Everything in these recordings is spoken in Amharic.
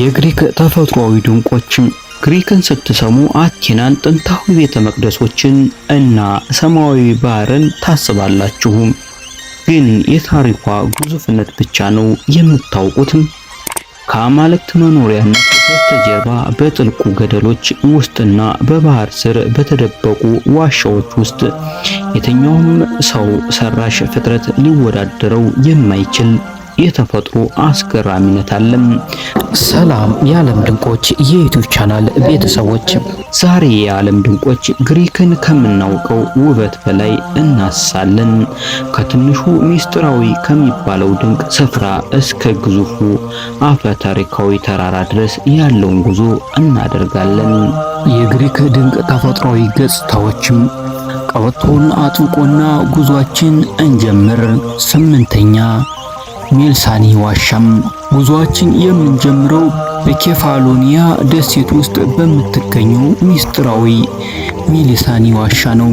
የግሪክ ተፈጥሯዊ ድንቆችን ግሪክን ስትሰሙ አቴናን፣ ጥንታዊ ቤተ መቅደሶችን እና ሰማያዊ ባህርን ታስባላችሁ። ግን የታሪኳ ግዙፍነት ብቻ ነው የምታውቁትም። ከአማልክት መኖሪያነት በስተጀርባ በጥልቁ ገደሎች ውስጥና በባህር ስር በተደበቁ ዋሻዎች ውስጥ የትኛውም ሰው ሰራሽ ፍጥረት ሊወዳደረው የማይችል የተፈጥሮ አስገራሚነት አለም። ሰላም የዓለም ድንቆች የዩቲዩብ ቻናል ቤተሰቦች፣ ዛሬ የዓለም ድንቆች ግሪክን ከምናውቀው ውበት በላይ እናሳለን። ከትንሹ ሚስጥራዊ ከሚባለው ድንቅ ስፍራ እስከ ግዙፉ አፈ ታሪካዊ ተራራ ድረስ ያለውን ጉዞ እናደርጋለን። የግሪክ ድንቅ ተፈጥሯዊ ገጽታዎችም ቀበቶን አጥብቆና ጉዟችን እንጀምር። ስምንተኛ ሚልሳኒ ዋሻም። ጉዞአችን የምንጀምረው በኬፋሎኒያ ደሴት ውስጥ በምትገኘው ሚስጥራዊ ሜልሳኒ ዋሻ ነው።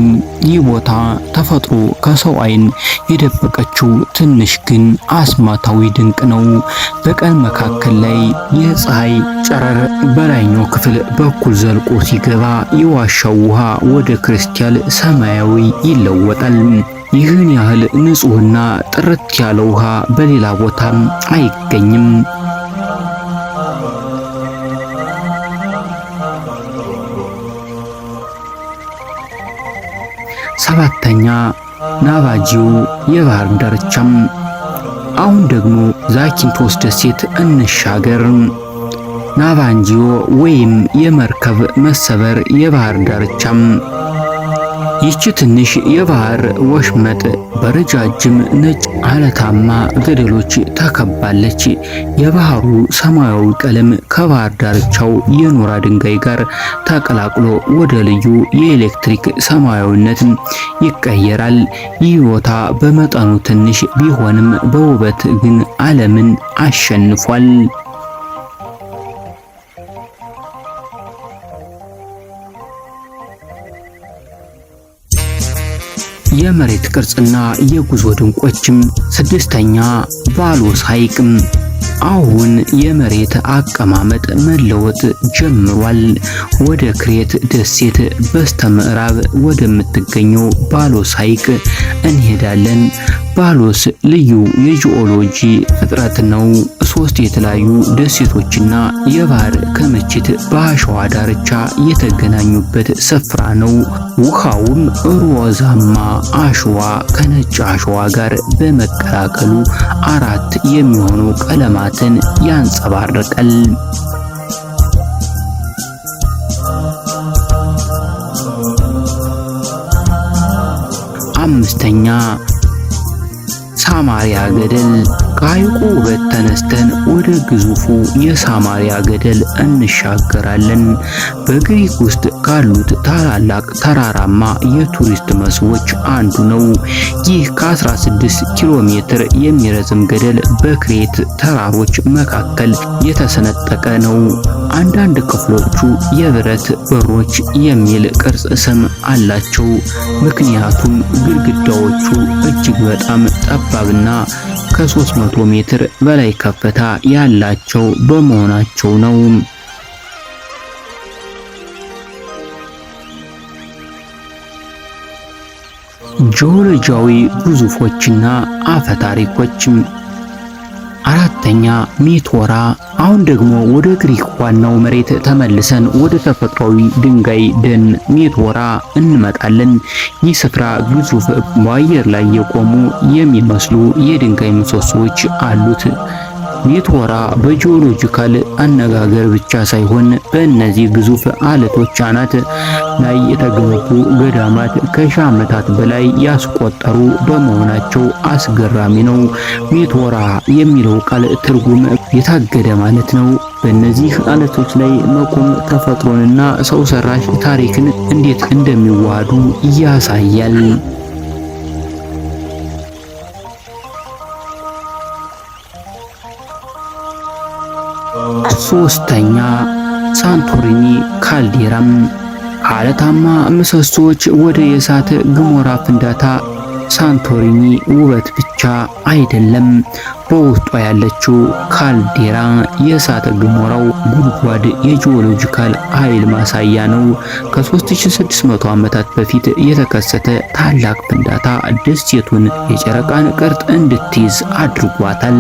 ይህ ቦታ ተፈጥሮ ከሰው ዓይን የደበቀችው ትንሽ ግን አስማታዊ ድንቅ ነው። በቀን መካከል ላይ የፀሐይ ጨረር በላይኛው ክፍል በኩል ዘልቆ ሲገባ የዋሻው ውሃ ወደ ክርስቲያል ሰማያዊ ይለወጣል። ይህን ያህል ንጹህና ጥርት ያለ ውሃ በሌላ ቦታም አይገኝም። ሰባተኛ ናቫጂው የባህር ዳርቻም። አሁን ደግሞ ዛኪንቶስ ደሴት እንሻገር። ናቫንጂዮ ወይም የመርከብ መሰበር የባህር ዳርቻም ይቺ ትንሽ የባህር ወሽመጥ በረጃጅም ነጭ አለታማ ገደሎች ተከባለች። የባህሩ ሰማያዊ ቀለም ከባህር ዳርቻው የኖራ ድንጋይ ጋር ተቀላቅሎ ወደ ልዩ የኤሌክትሪክ ሰማያዊነት ይቀየራል። ይህ ቦታ በመጠኑ ትንሽ ቢሆንም በውበት ግን ዓለምን አሸንፏል። የመሬት ቅርጽና የጉዞ ድንቆችም። ስድስተኛ ባሎስ ሐይቅም አሁን የመሬት አቀማመጥ መለወጥ ጀምሯል። ወደ ክሬት ደሴት በስተምዕራብ ወደምትገኘው ባሎስ ሐይቅ እንሄዳለን። ባሎስ ልዩ የጂኦሎጂ ፍጥረት ነው። ሶስት የተለያዩ ደሴቶችና የባህር ክምችት በአሸዋ ዳርቻ የተገናኙበት ስፍራ ነው። ውሃውም ሮዛማ አሸዋ ከነጭ አሸዋ ጋር በመቀላቀሉ አራት የሚሆኑ ቀለማትን ያንጸባርቃል። አምስተኛ Samar yerlerin ከሐይቁ ውበት ተነስተን ወደ ግዙፉ የሳማሪያ ገደል እንሻገራለን። በግሪክ ውስጥ ካሉት ታላላቅ ተራራማ የቱሪስት መስህቦች አንዱ ነው። ይህ ከ16 ኪሎ ሜትር የሚረዝም ገደል በክሬት ተራሮች መካከል የተሰነጠቀ ነው። አንዳንድ ክፍሎቹ የብረት በሮች የሚል ቅርጽ ስም አላቸው። ምክንያቱም ግድግዳዎቹ እጅግ በጣም ጠባብና ከ300 ከ ሜትር በላይ ከፍታ ያላቸው በመሆናቸው ነው። ጂኦሎጂያዊ ግዙፎችና አፈ አራተኛ ሜቶራ። አሁን ደግሞ ወደ ግሪክ ዋናው መሬት ተመልሰን ወደ ተፈጥሯዊ ድንጋይ ደን ሜቶራ እንመጣለን። ይህ ስፍራ ግዙፍ በአየር ላይ የቆሙ የሚመስሉ የድንጋይ ምሰሶዎች አሉት። ፒቶራ በጂኦሎጂካል አነጋገር ብቻ ሳይሆን በእነዚህ ግዙፍ አለቶች አናት ላይ የተገነቡ ገዳማት ከሺህ ዓመታት በላይ ያስቆጠሩ በመሆናቸው አስገራሚ ነው። ፒቶራ የሚለው ቃል ትርጉም የታገደ ማለት ነው። በእነዚህ አለቶች ላይ መቆም ተፈጥሮንና ሰው ሰራሽ ታሪክን እንዴት እንደሚዋሃዱ ያሳያል። ሶስተኛ ሳንቶሪኒ ካልዴራም አለታማ ምሰሶዎች ወደ የእሳተ ገሞራ ፍንዳታ ሳንቶሪኒ ውበት ብቻ ብቻ አይደለም፣ በውስጧ ያለችው ካልዴራ የእሳተ ገሞራው ጉድጓድ የጂኦሎጂካል ኃይል ማሳያ ነው። ከ3600 ዓመታት በፊት የተከሰተ ታላቅ ፍንዳታ ደሴቱን የጨረቃን ቅርጥ እንድትይዝ አድርጓታል።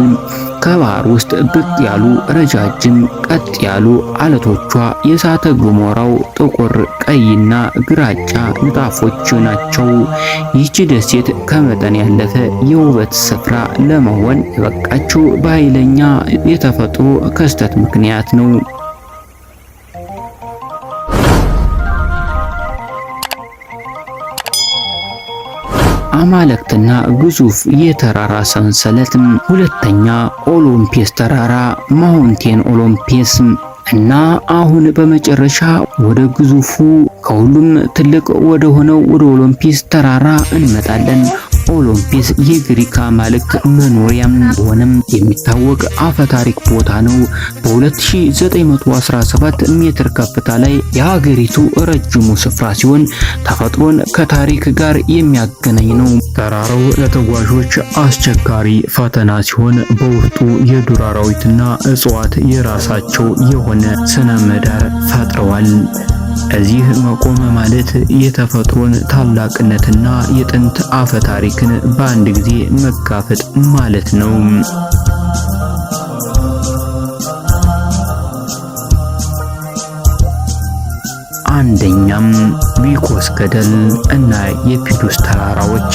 ከባህር ውስጥ ብቅ ያሉ ረጃጅም ቀጥ ያሉ አለቶቿ የእሳተ ገሞራው ጥቁር ቀይና ግራጫ ንጣፎች ናቸው። ይህች ደሴት ከመጠን ያለፈ የውበት የትኩረት ስፍራ ለመሆን የበቃችው በኃይለኛ የተፈጥሮ ክስተት ምክንያት ነው። አማልክትና ግዙፍ የተራራ ሰንሰለት። ሁለተኛ ኦሎምፒስ ተራራ ማውንቴን ኦሎምፒስ እና አሁን በመጨረሻ ወደ ግዙፉ ከሁሉም ትልቅ ወደ ሆነው ወደ ኦሎምፒስ ተራራ እንመጣለን። ኦሎምፒስ የግሪክ አማልክት መኖሪያም ሆነም የሚታወቅ አፈታሪክ ቦታ ነው። በ2917 ሜትር ከፍታ ላይ የሀገሪቱ ረጅሙ ስፍራ ሲሆን ተፈጥሮን ከታሪክ ጋር የሚያገናኝ ነው። ተራራው ለተጓዦች አስቸጋሪ ፈተና ሲሆን በውስጡ የዱር አራዊትና እጽዋት የራሳቸው የሆነ ስነ ምህዳር ፈጥረዋል። እዚህ መቆም ማለት የተፈጥሮን ታላቅነትና የጥንት አፈ ታሪክን በአንድ ጊዜ መጋፈጥ ማለት ነው። አንደኛም ቪኮስ ገደል እና የፒዱስ ተራራዎች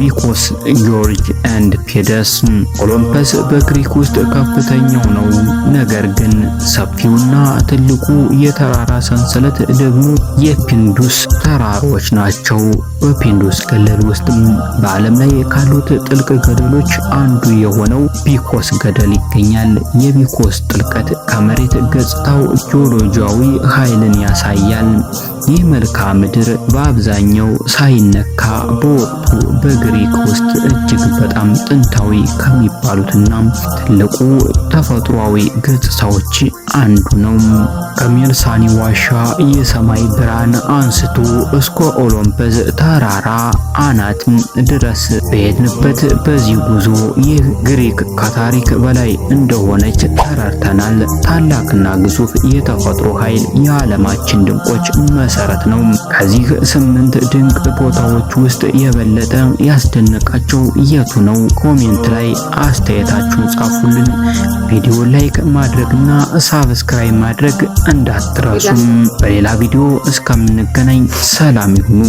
ሚኮስ ጆርጅ ኤንድ ፔደስ። ኦሎምፐስ በግሪክ ውስጥ ከፍተኛው ነው። ነገር ግን ሰፊውና ትልቁ የተራራ ሰንሰለት ደግሞ የፒንዱስ ተራሮች ናቸው። በፒንዱስ ገደል ውስጥም በዓለም ላይ ካሉት ጥልቅ ገደሎች አንዱ የሆነው ቢኮስ ገደል ይገኛል። የቢኮስ ጥልቀት ከመሬት ገጽታው ጂኦሎጂያዊ ኃይልን ያሳያል። ይህ መልክዓ ምድር በአብዛኛው ሳይነካ በወቅቱ ግሪክ ውስጥ እጅግ በጣም ጥንታዊ ከሚባሉትና ትልቁ ተፈጥሯዊ ገጽታዎች አንዱ ነው። ከሜልሳኒ ዋሻ የሰማይ ብርሃን አንስቶ እስከ ኦሎምፐስ ተራራ አናት ድረስ በሄድንበት በዚህ ጉዞ ይህ ግሪክ ከታሪክ በላይ እንደሆነች ተረድተናል። ታላቅና ግዙፍ የተፈጥሮ ኃይል የዓለማችን ድንቆች መሰረት ነው። ከዚህ ስምንት ድንቅ ቦታዎች ውስጥ የበለጠ ያስደነቃቸው የቱ ነው? ኮሜንት ላይ አስተያየታችሁን ጻፉልን። ቪዲዮ ላይክ ማድረግና ሳብስክራይብ ማድረግ እንዳትረሱም። በሌላ ቪዲዮ እስከምንገናኝ ሰላም ይሁኑ።